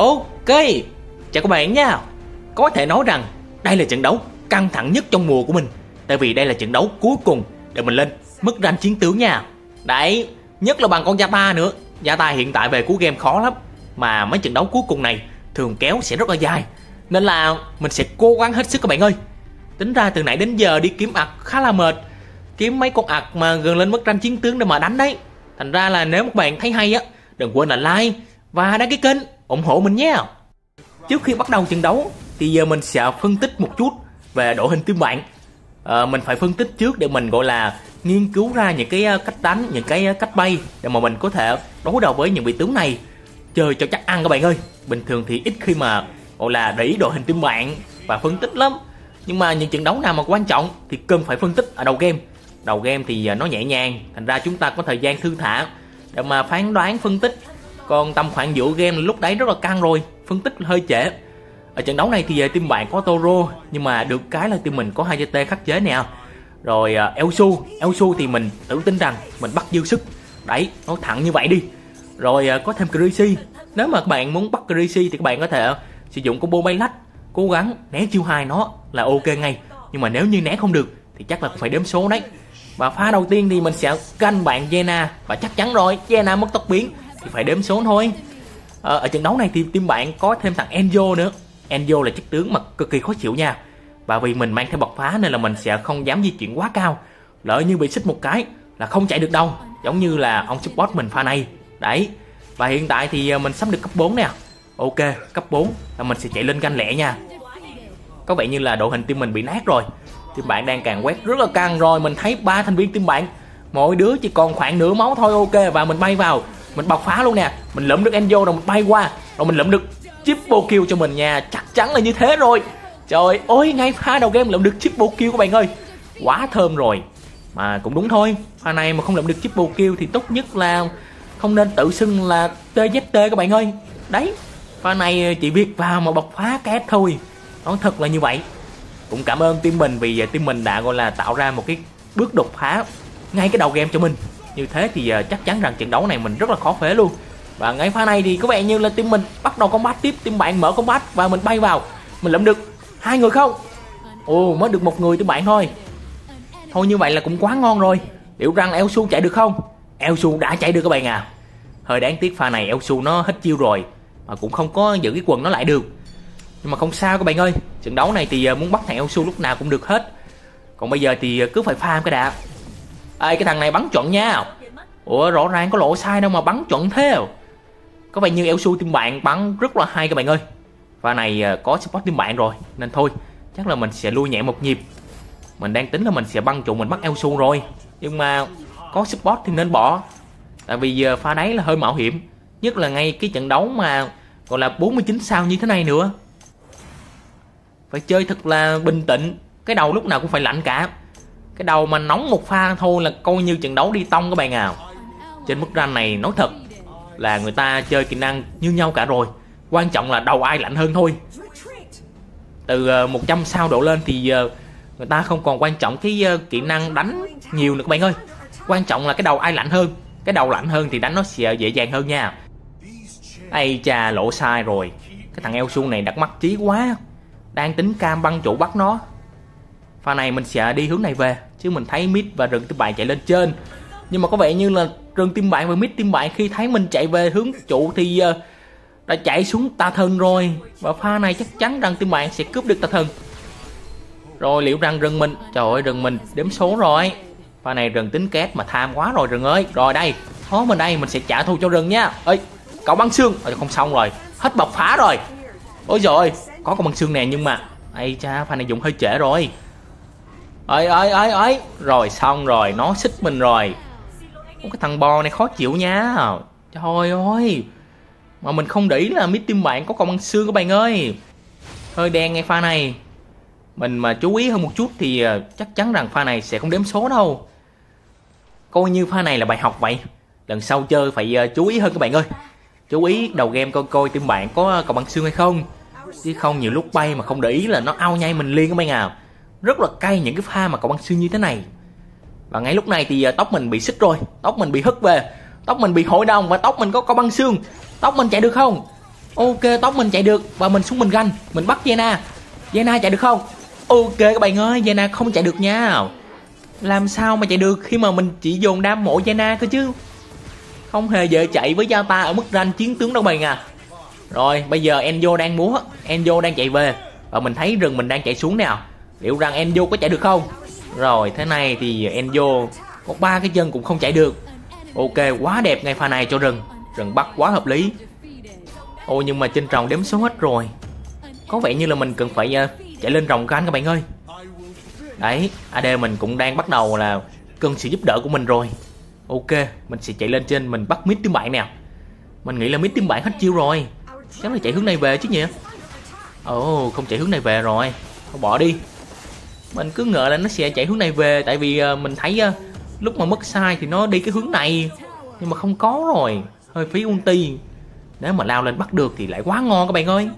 Ok, chào các bạn nha Có thể nói rằng đây là trận đấu căng thẳng nhất trong mùa của mình Tại vì đây là trận đấu cuối cùng để mình lên mức ranh chiến tướng nha Đấy, nhất là bằng con gia ta nữa gia ta hiện tại về cú game khó lắm Mà mấy trận đấu cuối cùng này thường kéo sẽ rất là dài Nên là mình sẽ cố gắng hết sức các bạn ơi Tính ra từ nãy đến giờ đi kiếm ạc khá là mệt Kiếm mấy con ạc mà gần lên mức ranh chiến tướng để mà đánh đấy Thành ra là nếu các bạn thấy hay á Đừng quên là like và đăng ký kênh ủng hộ mình nhé. Trước khi bắt đầu trận đấu thì giờ mình sẽ phân tích một chút về đội hình team bạn. À, mình phải phân tích trước để mình gọi là nghiên cứu ra những cái ờ, cách đánh, những cái ờ, cách bay để mà mình có thể đối đầu với những vị tướng này. Chơi cho chắc ăn các bạn ơi. Bình thường thì ít khi mà gọi là để ý đội hình team bạn và phân tích lắm. Nhưng mà những trận đấu nào mà quan trọng thì cần phải phân tích ở đầu game. Đầu game thì nó nhẹ nhàng, thành ra chúng ta có thời gian thư thả để mà phán đoán phân tích còn tầm khoảng giữa game lúc đấy rất là căng rồi phân tích hơi trễ ở trận đấu này thì về ờ, team bạn có Toro nhưng mà được cái là team mình có hai gt khắc chế nè rồi ờ, Elsu Elsu thì mình tự tin rằng mình bắt dư sức đấy nó thẳng như vậy đi rồi ờ, có thêm Grisi nếu mà các bạn muốn bắt Grisi thì các bạn có thể sử dụng combo bay lách cố gắng né chiêu hai nó là ok ngay nhưng mà nếu như né không được thì chắc là phải đếm số đấy và pha đầu tiên thì mình sẽ canh bạn Jena và chắc chắn rồi Jena mất tốc biến thì phải đếm số thôi à, ở trận đấu này thì team bạn có thêm thằng Enzo nữa Enzo là chiếc tướng mà cực kỳ khó chịu nha và vì mình mang theo bọc phá nên là mình sẽ không dám di chuyển quá cao lỡ như bị xích một cái là không chạy được đâu giống như là ông support mình pha này đấy và hiện tại thì ờ, mình sắp được cấp 4 nè ok cấp 4 là mình sẽ chạy lên canh lẹ nha có vẻ như là đội hình team mình bị nát rồi team bạn đang càng quét rất là căng rồi mình thấy ba thành viên team bạn mỗi đứa chỉ còn khoảng nửa máu thôi ok và mình bay vào mình bọc phá luôn nè mình lượm được enzo rồi mình bay qua rồi mình lượm được triple kill cho mình nha chắc chắn là như thế rồi trời ơi ngay pha đầu game lượm được triple kill các bạn ơi quá thơm rồi mà cũng đúng thôi pha này mà không lượm được triple kill thì tốt nhất là không nên tự xưng là tzt các bạn ơi đấy pha này chỉ biết vào mà bọc phá kép thôi nó thật là như vậy cũng cảm ơn team mình vì team mình đã gọi là tạo ra một cái bước đột phá ngay cái đầu game cho mình như thế thì uh, chắc chắn rằng trận đấu này mình rất là khó phế luôn và ngay pha này thì có vẻ như là team mình bắt đầu combat tiếp team bạn mở combat và mình bay vào mình lượm được hai người không ồ mới được một người team bạn thôi thôi như vậy là cũng quá ngon rồi liệu rằng eo su chạy được không eo su đã chạy được các bạn à hơi đáng tiếc pha này eo su nó hết chiêu rồi mà cũng không có giữ cái quần nó lại được nhưng mà không sao các bạn ơi trận đấu này thì ờ, muốn bắt thằng eo su lúc nào cũng được hết còn bây giờ thì ờ, cứ phải farm cái đã Ê cái thằng này bắn chuẩn nha Ủa rõ ràng có lỗi sai đâu mà bắn chuẩn thế Có vẻ như Elsu team bạn bắn rất là hay các bạn ơi Và này à, có support team bạn rồi Nên thôi chắc là mình sẽ lui nhẹ một nhịp Mình đang tính là mình sẽ băng trụ mình bắt Elsu rồi Nhưng mà có support thì nên bỏ Tại vì giờ à, pha đấy là hơi mạo hiểm Nhất là ngay cái trận đấu mà còn là 49 sao như thế này nữa Phải chơi thật là bình tĩnh Cái đầu lúc nào cũng phải lạnh cả cái đầu mà nóng một pha thôi là coi như trận đấu đi tông các bạn à trên mức ranh này nói thật là người ta chơi kỹ năng như nhau cả rồi quan trọng là đầu ai lạnh hơn thôi từ 100 ờ, sao độ lên thì ờ, người ta không còn quan trọng cái ờ, kỹ năng đánh nhiều nữa các bạn ơi quan trọng là cái đầu ai lạnh hơn cái đầu lạnh hơn thì đánh nó sẽ dễ dàng hơn nha ây cha lỗ sai rồi cái thằng eo su này đặt mắt trí quá đang tính cam băng chủ bắt nó pha này mình sẽ đi hướng này về chứ mình thấy mid và rừng tim bạn chạy lên trên nhưng mà có vẻ như là rừng tim bạn và mid tim bạn khi thấy mình chạy về hướng trụ thì ờ, đã chạy xuống tà thần rồi và pha này chắc chắn rằng tim bạn sẽ cướp được tà thần rồi liệu rằng rừng mình trời ơi rừng mình đếm số rồi pha này rừng tính két mà tham quá rồi rừng ơi rồi đây thó mình đây mình sẽ trả thù cho rừng nhá ấy cậu băng xương rồi không xong rồi hết bọc phá rồi ôi rồi có con băng xương nè nhưng mà ai cha pha này dùng hơi trễ rồi ấy ấy ấy ấy rồi xong rồi nó xích mình rồi cái thằng bò này khó chịu nha trời ơi mà mình không để ý là mít tim bạn có công ăn xương các bạn ơi hơi đen ngay pha này mình mà chú ý hơn một chút thì ờ, chắc chắn rằng pha này sẽ không đếm số đâu coi như pha này là bài học vậy lần sau chơi phải ờ, chú ý hơn các bạn ơi chú ý đầu game coi coi tim bạn có ờ, cộng ăn xương hay không chứ không nhiều lúc bay mà không để ý là nó ao nhay mình liền các bạn à rất là cay những cái pha mà cậu băng xương như thế này và ngay lúc này thì à, tóc mình bị xích rồi tóc mình bị hất về tóc mình bị hội đồng và tóc mình có có băng xương tóc mình chạy được không ok tóc mình chạy được và mình xuống mình ganh mình bắt Jena Jena chạy được không ok các bạn ơi Jena không chạy được nha làm sao mà chạy được khi mà mình chỉ dồn đam mộ Jena cơ chứ không hề dễ chạy với gia ta ở mức ranh chiến tướng đâu bạn à rồi bây giờ Enzo đang múa Enzo đang chạy về và mình thấy rừng mình đang chạy xuống nào liệu rằng Enzo có chạy được không rồi thế này thì Enzo có ba cái chân cũng không chạy được ok quá đẹp ngay pha này cho rừng rừng bắt quá hợp lý ô nhưng mà trên tròng đếm số hết rồi có vẻ như là mình cần phải uh, chạy lên rồng canh các bạn ơi đấy ad mình cũng đang bắt đầu là cần sự giúp đỡ của mình rồi ok mình sẽ chạy lên trên mình bắt mid tiếng bạn nè. mình nghĩ là mid tiếng bạn hết chiêu rồi chắc là chạy hướng này về chứ nhỉ ồ oh, không chạy hướng này về rồi thôi bỏ đi mình cứ ngờ là nó sẽ chạy hướng này về tại vì ờ, mình thấy ờ, lúc mà mất sai thì nó đi cái hướng này nhưng mà không có rồi hơi phí ulti nếu mà lao lên bắt được thì lại quá ngon các bạn ơi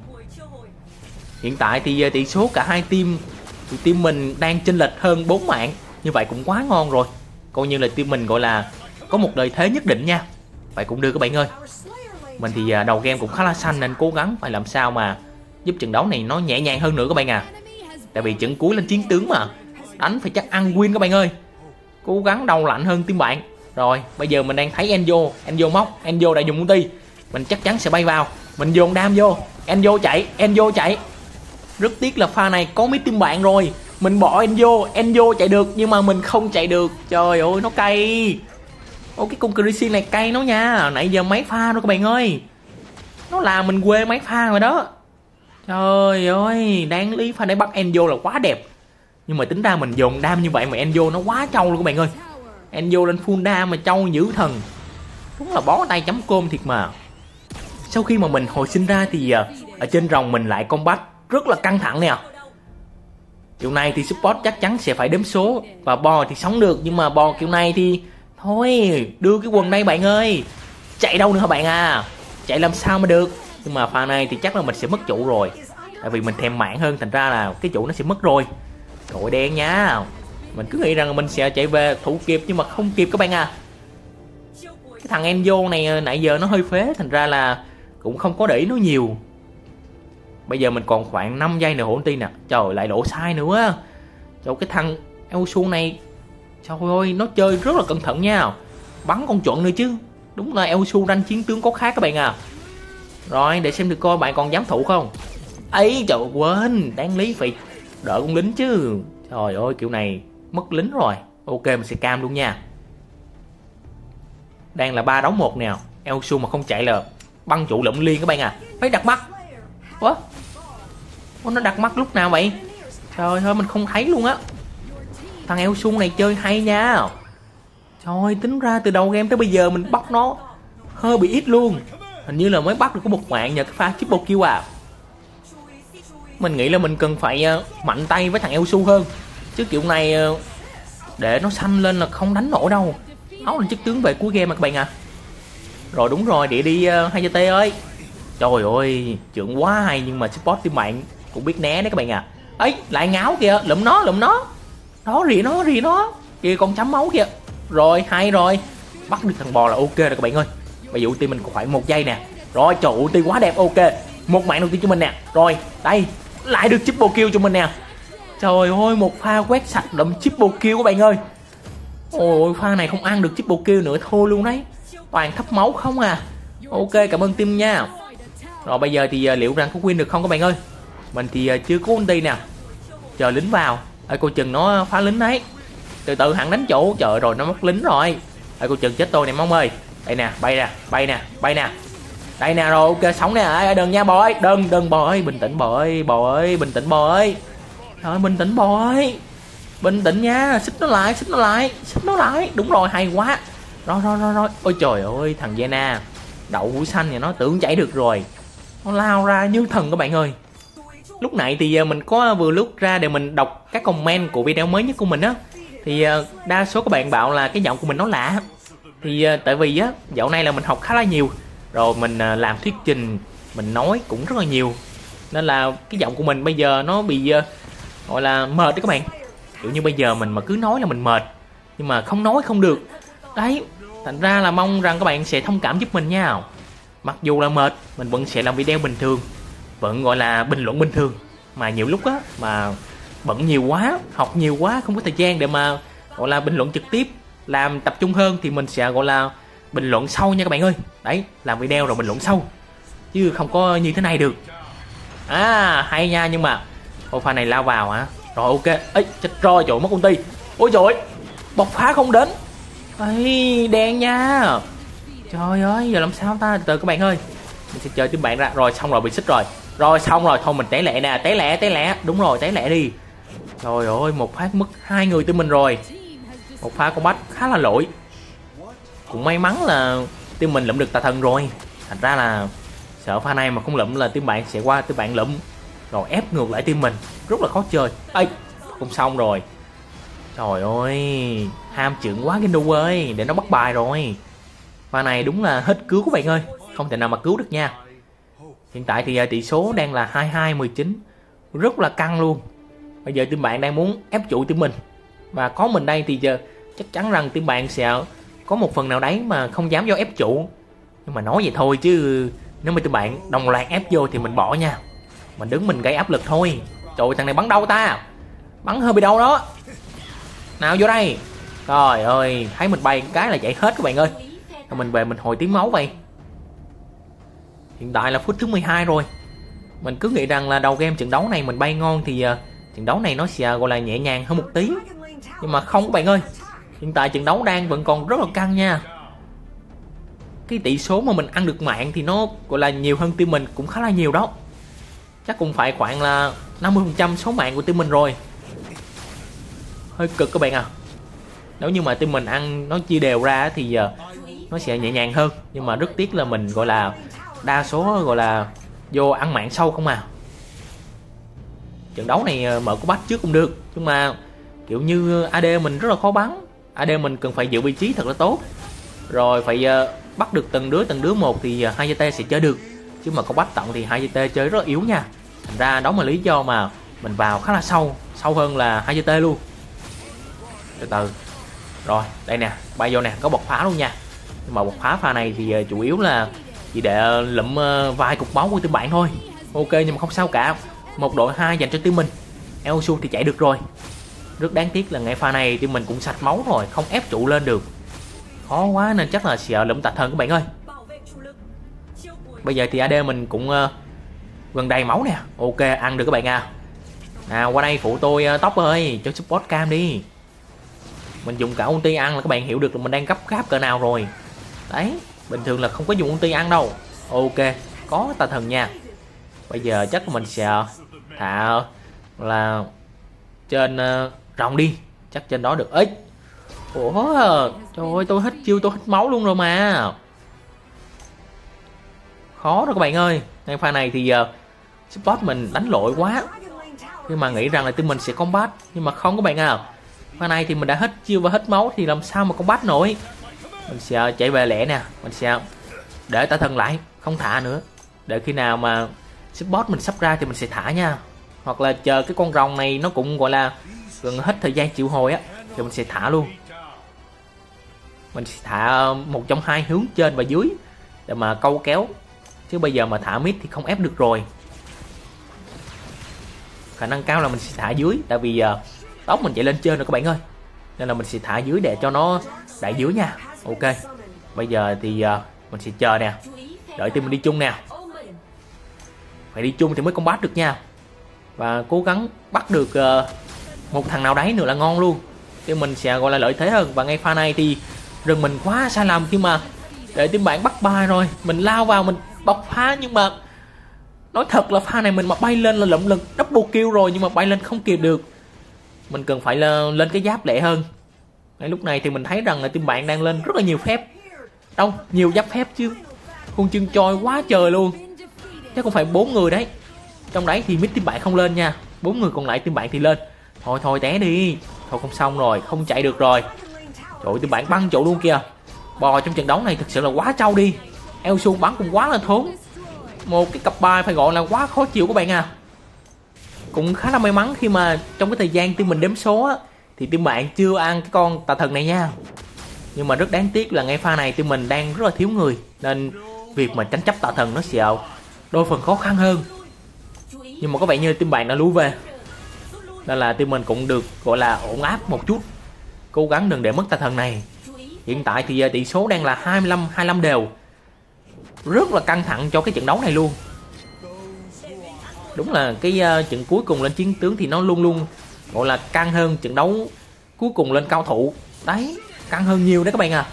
hiện tại thì ờ, tỷ số cả hai team thì team mình đang chênh lệch hơn 4 mạng như vậy cũng quá ngon rồi coi như là team mình gọi là có một đời thế nhất định nha vậy cũng đưa các bạn ơi mình thì đầu game cũng khá là xanh nên cố gắng phải làm sao mà giúp trận đấu này nó nhẹ nhàng hơn nữa các bạn à Tại vì trận cuối lên chiến tướng mà Đánh phải chắc ăn win các bạn ơi Cố gắng đầu lạnh hơn team bạn Rồi bây giờ mình đang thấy Enzo Enzo móc Enzo đại dùng ulti Mình chắc chắn sẽ bay vào Mình dồn đam vô Enzo chạy Enzo chạy Rất tiếc là pha này có mấy team bạn rồi Mình bỏ Enzo Enzo chạy được nhưng mà mình không chạy được Trời ơi nó cay Ô cái con Chrissy này cay nó nha Nãy giờ mấy pha rồi các bạn ơi Nó làm mình quê mấy pha rồi đó Trời ơi, đáng lý phải để bắt Enzo là quá đẹp. Nhưng mà tính ra mình dồn đam như vậy mà Enzo nó quá trâu luôn các bạn ơi. Enzo lên full đam mà trâu dữ thần. Đúng là bó tay chấm cơm thiệt mà. Sau khi mà mình hồi sinh ra thì à, ở trên rồng mình lại combat rất là căng thẳng nè. Kiểu này thì support chắc chắn sẽ phải đếm số và bò thì sống được nhưng mà bò kiểu này thì thôi đưa cái quần đây bạn ơi. Chạy đâu nữa hả bạn à? Chạy làm sao mà được? nhưng mà pha này thì chắc là mình sẽ mất chủ rồi tại vì mình thèm mạng hơn thành ra là cái chủ nó sẽ mất rồi đội đen nhá mình cứ nghĩ rằng mình sẽ chạy về thủ kịp nhưng mà không kịp các bạn à cái thằng Enzo này ờ, nãy giờ nó hơi phế thành ra là cũng không có để ý nó nhiều bây giờ mình còn khoảng 5 giây nữa hỗn tin nè trời lại đổ sai nữa trời cái thằng Elsu này trời ơi nó chơi rất là cẩn thận nha bắn con chuẩn nữa chứ đúng là Elsu ranh chiến tướng có khác các bạn à rồi để xem được coi bạn còn dám thủ không ấy trời quên đáng lý phải đợi con lính chứ Trời ơi kiểu này mất lính rồi Ok mình sẽ cam luôn nha Đang là ba đấu một nè, Eo Su mà không chạy là băng trụ lụm liên các bạn à Phải đặt mắt Ủa Ủa nó đặt mắt lúc nào vậy Trời ơi mình không thấy luôn á Thằng Eo Su này chơi hay nha Trời ơi tính ra từ đầu game tới bây giờ mình bắt nó Hơi bị ít luôn hình như là mới bắt được có một mạng nhờ cái pha triple kill à mình nghĩ là mình cần phải ờ, mạnh tay với thằng Elsu hơn chứ kiểu này ờ, để nó xanh lên là không đánh nổi đâu áo là chiếc tướng về cuối game mà các bạn à. rồi đúng rồi để đi ờ, hai uh, t ơi trời ơi trưởng quá hay nhưng mà support team mạng cũng biết né đấy các bạn à. ấy lại ngáo kìa lụm nó lụm nó đó rỉ nó rỉ nó kìa con chấm máu kìa rồi hay rồi bắt được thằng bò là ok rồi các bạn ơi bây giờ ulti mình còn khoảng một giây nè rồi trời ulti quá đẹp ok một mạng đầu tiên cho mình nè rồi đây lại được triple kill cho mình nè trời ơi một pha quét sạch đậm triple kill các bạn ơi ôi ôi pha này không ăn được triple kill nữa thua luôn đấy toàn thấp máu không à ok cảm ơn team nha rồi bây giờ thì à, liệu rằng có win được không các bạn ơi mình thì à, chưa có ulti nè chờ lính vào ơi cô chừng nó phá lính đấy từ từ hẳn đánh chỗ trời rồi nó mất lính rồi ơi cô chừng chết tôi nè mong ơi đây nè bay nè bay nè bay nè đây nè rồi ok sống nè đừng nha bò đừng đừng bò bình tĩnh bò ơi bình tĩnh bò thôi bình tĩnh bò bình tĩnh nha xích nó lại xích nó lại xích nó lại đúng rồi hay quá rồi rồi rồi rồi ôi trời ơi thằng Zena đậu hũ xanh thì nó tưởng chảy được rồi nó lao ra như thần các bạn ơi lúc nãy thì ờ, mình có vừa lúc ra để mình đọc các comment của video mới nhất của mình á thì ờ, đa số các bạn bảo là cái giọng của mình nó lạ thì ờ, tại vì á dạo này là mình học khá là nhiều rồi mình ờ, làm thuyết trình mình nói cũng rất là nhiều nên là cái giọng của mình bây giờ nó bị ờ, gọi là mệt đấy các bạn kiểu như bây giờ mình mà cứ nói là mình mệt nhưng mà không nói không được đấy thành ra là mong rằng các bạn sẽ thông cảm giúp mình nha mặc dù là mệt mình vẫn sẽ làm video bình thường vẫn gọi là bình luận bình thường mà nhiều lúc á mà bận nhiều quá học nhiều quá không có thời gian để mà gọi là bình luận trực tiếp làm tập trung hơn thì mình sẽ gọi là bình luận sau nha các bạn ơi đấy làm video rồi bình luận sau chứ không có như thế này được à hay nha nhưng mà ô pha này lao vào hả rồi ok ấy chết rồi trời mất công ty ôi trời bộc phá không đến ấy đen nha trời ơi giờ làm sao ta từ, từ các bạn ơi mình sẽ chơi tiếp bạn ra rồi xong rồi bị xích rồi rồi xong rồi thôi mình té lẹ nè té lẹ té lẹ đúng rồi té lẹ đi trời ơi một phát mất hai người tụi mình rồi một pha combat khá là lỗi cũng may mắn là team mình lụm được tà thần rồi thành ra là sợ pha này mà không lụm là team bạn sẽ qua team bạn lụm rồi ép ngược lại team mình rất là khó chơi ấy không xong rồi trời ơi ham trưởng quá Gendo ơi để nó bắt bài rồi pha này đúng là hết cứu các bạn ơi không thể nào mà cứu được nha hiện tại thì à, tỷ số đang là 22 19 rất là căng luôn bây giờ team bạn đang muốn ép chủ team mình và có mình đây thì giờ chắc chắn rằng team bạn sẽ có một phần nào đấy mà không dám vô ép chủ nhưng mà nói vậy thôi chứ nếu mà tụi bạn đồng loạt ép vô thì mình bỏ nha mình đứng mình gây áp lực thôi trời ơi, thằng này bắn đâu ta bắn hơi bị đâu đó nào vô đây trời ơi thấy mình bay cái là chạy hết các bạn ơi Rồi mình về mình hồi tiếng máu vậy hiện tại là phút thứ 12 rồi mình cứ nghĩ rằng là đầu game trận đấu này mình bay ngon thì uh, trận đấu này nó sẽ gọi là nhẹ nhàng hơn một tí nhưng mà không bạn ơi hiện tại trận đấu đang vẫn còn rất là căng nha cái tỷ số mà mình ăn được mạng thì nó gọi là nhiều hơn team mình cũng khá là nhiều đó chắc cũng phải khoảng là 50% số mạng của team mình rồi hơi cực các bạn à nếu như mà team mình ăn nó chia đều ra thì giờ nó sẽ nhẹ nhàng hơn nhưng mà rất tiếc là mình gọi là đa số gọi là vô ăn mạng sâu không à trận đấu này ờ, mở của bách trước cũng được nhưng mà kiểu như uh, AD mình rất là khó bắn AD mình cần phải giữ vị trí thật là tốt rồi phải uh, bắt được từng đứa từng đứa một thì uh, hai uh, sẽ chơi được chứ mà có bắt tận thì hai GT chơi rất là yếu nha thành ra đó là lý do mà mình vào khá là sâu sâu hơn là hai GT luôn từ từ rồi đây nè bay vô nè có bọc phá luôn nha nhưng mà bọc phá pha này thì uh, chủ yếu là chỉ để lụm uh, vài cục máu của tư bạn thôi ok nhưng mà không sao cả một đội hai dành cho team mình Elsu thì chạy được rồi rất đáng tiếc là ngay pha này thì mình cũng sạch máu rồi không ép trụ lên được khó quá nên chắc là sợ lụm tạch hơn các bạn ơi bây giờ thì AD mình cũng uh, gần đầy máu nè ok ăn được các bạn à nào qua đây phụ tôi uh, tóc ơi cho support cam đi mình dùng cả ulti ăn là các bạn hiểu được là mình đang cấp cáp cỡ nào rồi đấy bình thường là không có dùng ulti ăn đâu ok có tà thần nha bây giờ chắc mình sẽ thả là trên uh, rộng đi chắc trên đó được ít ủa trời ơi tôi hết chiêu tôi hết máu luôn rồi mà khó rồi các bạn ơi ngay pha này thì giờ uh, support mình đánh lội quá Nhưng mà nghĩ rằng là team mình sẽ combat nhưng mà không các bạn à pha này thì mình đã hết chiêu và hết máu thì làm sao mà combat nổi mình sẽ chạy về lẻ nè mình sẽ để tả thần lại không thả nữa để khi nào mà support mình sắp ra thì mình sẽ thả nha hoặc là chờ cái con rồng này nó cũng gọi là gần vâng, hết thời gian chịu hồi á thì mình sẽ thả luôn mình sẽ thả ờ, một trong hai hướng trên và dưới để mà câu kéo chứ bây giờ mà thả mid thì không ép được rồi khả năng cao là mình sẽ thả dưới tại vì giờ tóc mình chạy lên trên rồi các bạn ơi nên là mình sẽ thả dưới để cho nó đại dưới nha ok bây giờ thì ờ, mình sẽ chờ nè đợi team mình đi chung nè phải đi chung thì mới combat được nha và cố gắng bắt được uh, một thằng nào đấy nữa là ngon luôn thì mình sẽ gọi là lợi thế hơn và ngay pha này thì rừng mình quá sai lầm khi mà để tiếng bạn bắt bài rồi mình lao vào mình bọc phá nhưng mà nói thật là pha này mình mà bay lên là lụm lần double kill rồi nhưng mà bay lên không kịp được mình cần phải là lên cái giáp lẹ hơn ngay lúc này thì mình thấy rằng là team bạn đang lên rất là nhiều phép đâu nhiều giáp phép chứ khuôn chân trôi quá trời luôn chắc cũng phải bốn người đấy trong đấy thì mid team bạn không lên nha bốn người còn lại team bạn thì lên Thôi thôi té đi Thôi không xong rồi không chạy được rồi Trời ơi bạn băng trụ luôn kìa Bò trong trận đấu này thực sự là quá trâu đi El Sun bắn cũng quá là thốn Một cái cặp bài phải gọi là quá khó chịu các bạn à Cũng khá là may mắn khi mà trong cái thời gian team mình đếm số á Thì team bạn chưa ăn cái con tà thần này nha Nhưng mà rất đáng tiếc là ngay pha này team mình đang rất là thiếu người Nên việc mà tránh chấp tà thần nó sẽ đôi phần khó khăn hơn Nhưng mà có vẻ như team bạn đã lú về nên là team mình cũng được gọi là ổn áp một chút Cố gắng đừng để mất tà thần này Hiện tại thì à, tỷ số đang là 25 25 đều Rất là căng thẳng cho cái trận đấu này luôn Đúng là cái uh, trận cuối cùng lên chiến tướng thì nó luôn luôn Gọi là căng hơn trận đấu cuối cùng lên cao thủ Đấy, căng hơn nhiều đấy các bạn à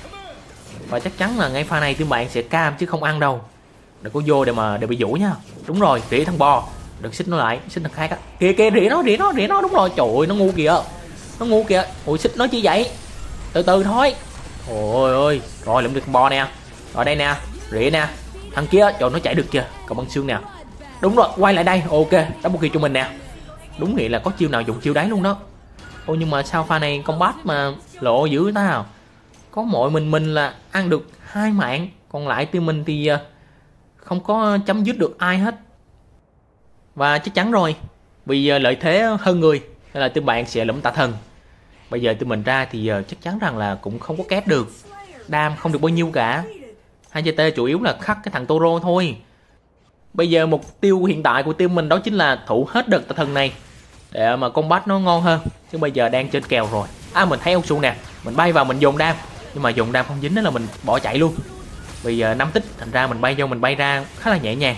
Và chắc chắn là ngay pha này team bạn sẽ cam chứ không ăn đâu Đừng có vô để mà để bị vũ nha Đúng rồi, rỉa thằng bò đừng xích nó lại xích thằng khác á kìa kìa rỉa nó rỉa nó rỉa nó đúng rồi trời ơi nó ngu kìa nó ngu kìa ủi xích nó chi vậy từ từ thôi ôi ơi rồi lượm được bo nè rồi đây nè rỉa nè thằng kia trời nó chạy được chưa cầm băng xương nè đúng rồi quay lại đây ok đá một kỳ cho mình nè đúng nghĩa là có chiêu nào dùng chiêu đấy luôn đó ô nhưng mà sao pha này combat mà lộ dữ ta à? có mỗi mình mình là ăn được hai mạng còn lại team mình thì ờ, không có chấm dứt được ai hết và chắc chắn rồi vì ờ, lợi thế hơn người nên là team bạn sẽ lụm tạ thần bây giờ tụi mình ra thì ờ, chắc chắn rằng là cũng không có kép được đam không được bao nhiêu cả hai gt chủ yếu là khắc cái thằng toro thôi bây giờ mục tiêu hiện tại của team mình đó chính là thủ hết đợt tạ thần này để mà combat nó ngon hơn chứ bây giờ đang trên kèo rồi à mình thấy ông su nè mình bay vào mình dùng đam nhưng mà dùng đam không dính đó là mình bỏ chạy luôn bây giờ năm tích thành ra mình bay vô mình bay ra khá là nhẹ nhàng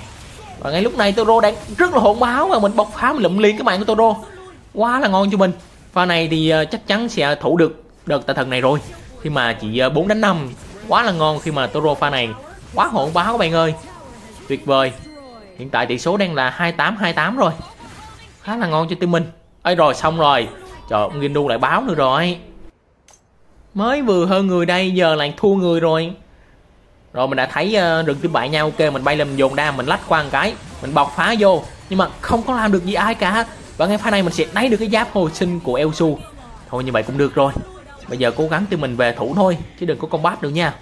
và ngay lúc này Toro đang rất là hỗn báo và mình bộc phá mình lụm liền cái mạng của Toro quá là ngon cho mình pha này thì ờ, chắc chắn sẽ thủ được đợt tà thần này rồi khi mà chỉ 4 ờ, đánh 5 quá là ngon khi mà Toro pha này quá hỗn báo các bạn ơi tuyệt vời hiện tại tỷ số đang là 28 28 rồi khá là ngon cho team mình ấy rồi xong rồi trời ông Gindu lại báo nữa rồi mới vừa hơn người đây giờ lại thua người rồi rồi mình đã thấy uh, rừng thứ bảy nhau ok mình bay lên mình dồn đam mình lách qua một cái mình bọc phá vô nhưng mà không có làm được gì ai cả và ngay pha này mình sẽ lấy được cái giáp hồi sinh của Elsu thôi như vậy cũng được rồi bây giờ cố gắng tìm mình về thủ thôi chứ đừng có công bát được nha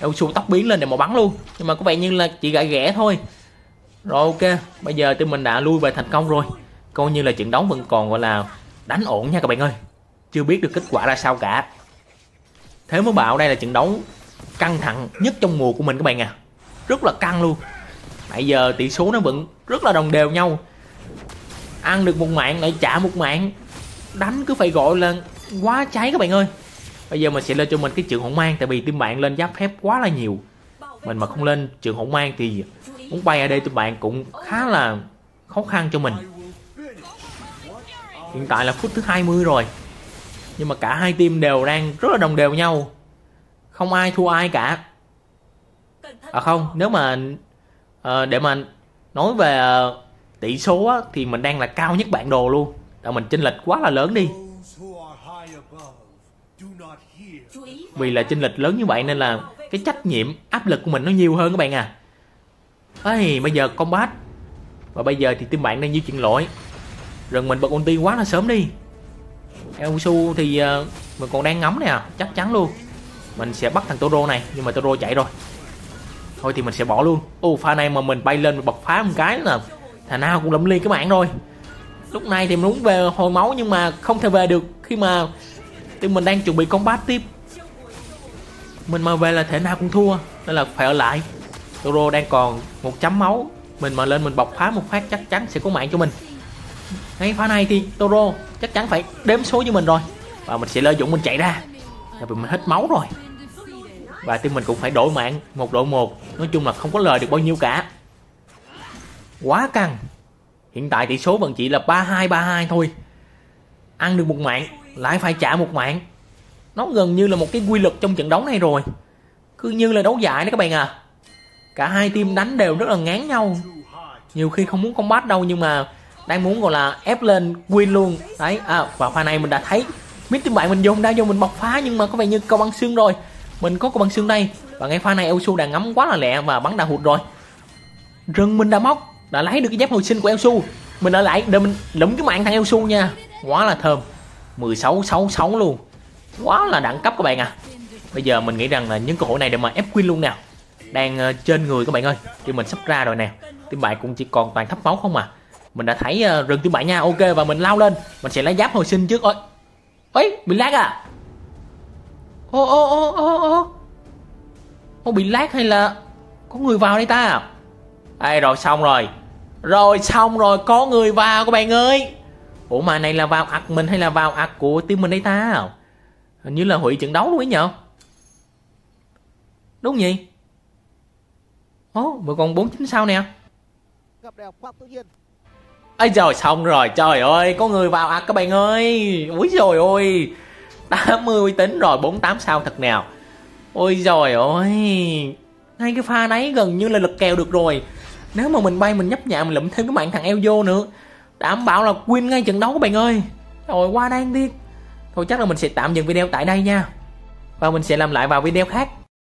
Elsu tóc biến lên để mà bắn luôn nhưng mà có vẻ như là chỉ gãi ghẻ thôi rồi ok bây giờ tụi mình đã lui về thành công rồi coi như là trận đấu vẫn còn gọi là đánh ổn nha các bạn ơi chưa biết được kết quả ra sao cả thế mới bảo đây là trận đấu căng thẳng nhất trong mùa của mình các bạn à rất là căng luôn nãy giờ tỷ số nó vẫn rất là đồng đều nhau ăn được một mạng lại trả một mạng đánh cứ phải gọi là quá cháy các bạn ơi bây giờ mình sẽ lên cho mình cái trường hỗn mang tại vì team bạn lên giáp phép quá là nhiều mình mà không lên trường hỗn mang thì muốn bay ở đây tụi bạn cũng khá là khó khăn cho mình hiện tại là phút thứ 20 rồi nhưng mà cả hai team đều đang rất là đồng đều nhau không ai thua ai cả à không nếu mà à, để mà nói về ờ, tỷ số á, thì mình đang là cao nhất bản đồ luôn là mình chênh lệch quá là lớn đi vì là chênh lệch lớn như vậy nên là cái trách nhiệm áp lực của mình nó nhiều hơn các bạn à ấy bây giờ combat và bây giờ thì team bạn đang di chuyển lỗi rừng mình bật ulti quá là sớm đi su thì uh, mình còn đang ngắm nè chắc chắn luôn mình sẽ bắt thằng Toro này nhưng mà Toro chạy rồi thôi thì mình sẽ bỏ luôn ô pha này mà mình bay lên mình bật phá một cái là thằng nào cũng lẫm ly cái mạng rồi lúc này thì muốn về hồi máu nhưng mà không thể về được khi mà team mình đang chuẩn bị combat tiếp mình mà về là thể nào cũng thua nên là phải ở lại Toro đang còn một chấm máu mình mà lên mình bọc phá một phát chắc chắn sẽ có mạng cho mình ngay pha này thì Toro chắc chắn phải đếm số với mình rồi và mình sẽ lợi dụng mình chạy ra là mình hết máu rồi và team mình cũng phải đổi mạng một đội một nói chung là không có lời được bao nhiêu cả quá căng hiện tại tỷ số vẫn chỉ là ba hai ba hai thôi ăn được một mạng lại phải trả một mạng nó gần như là một cái quy luật trong trận đấu này rồi cứ như là đấu giải đấy các bạn à cả hai team đánh đều rất là ngán nhau nhiều khi không muốn combat đâu nhưng mà đang muốn gọi là ép lên win luôn đấy à và pha này mình đã thấy mít team bạn mình dùng đang vô mình bọc phá nhưng mà có vẻ như cầu ăn xương rồi mình có con băng xương đây Và ngay pha này Elsu đã ngắm quá là lẹ và bắn đã hụt rồi Rừng mình đã móc Đã lấy được cái giáp hồi sinh của Elsu Mình ở lại để mình lụm cái mạng thằng Elsu nha Quá là thơm 1666 luôn Quá là đẳng cấp các bạn à Bây giờ mình nghĩ rằng là những cơ hội này để mà ép Queen luôn nè Đang ờ, trên người các bạn ơi Thì mình sắp ra rồi nè Team bạn cũng chỉ còn toàn thấp máu không à Mình đã thấy ờ, rừng team bạn nha Ok và mình lao lên Mình sẽ lấy giáp hồi sinh trước Ôi Ấy, bị lag à ô ô ô ô ô ô bị lát hay là có người vào đây ta à? ê rồi xong rồi rồi xong rồi có người vào các bạn ơi ủa mà này là vào ạc mình hay là vào ạc của team mình đây ta hình như là hủy trận đấu luôn ấy nhở đúng gì Ồ, oh, vừa còn 49 sao nè. Gặp đại tự nhiên. Ây trời, xong rồi, trời ơi, có người vào ạc các bạn ơi. Úi rồi ôi. 80 uy tín rồi 48 sao thật nào Ôi rồi ôi Ngay cái pha đấy gần như là lực kèo được rồi Nếu mà mình bay mình nhấp nhạ Mình lụm thêm cái mạng thằng eo vô nữa Đảm bảo là win ngay trận đấu các bạn ơi Trời qua đáng đi Thôi chắc là mình sẽ tạm dừng video tại đây nha Và mình sẽ làm lại vào video khác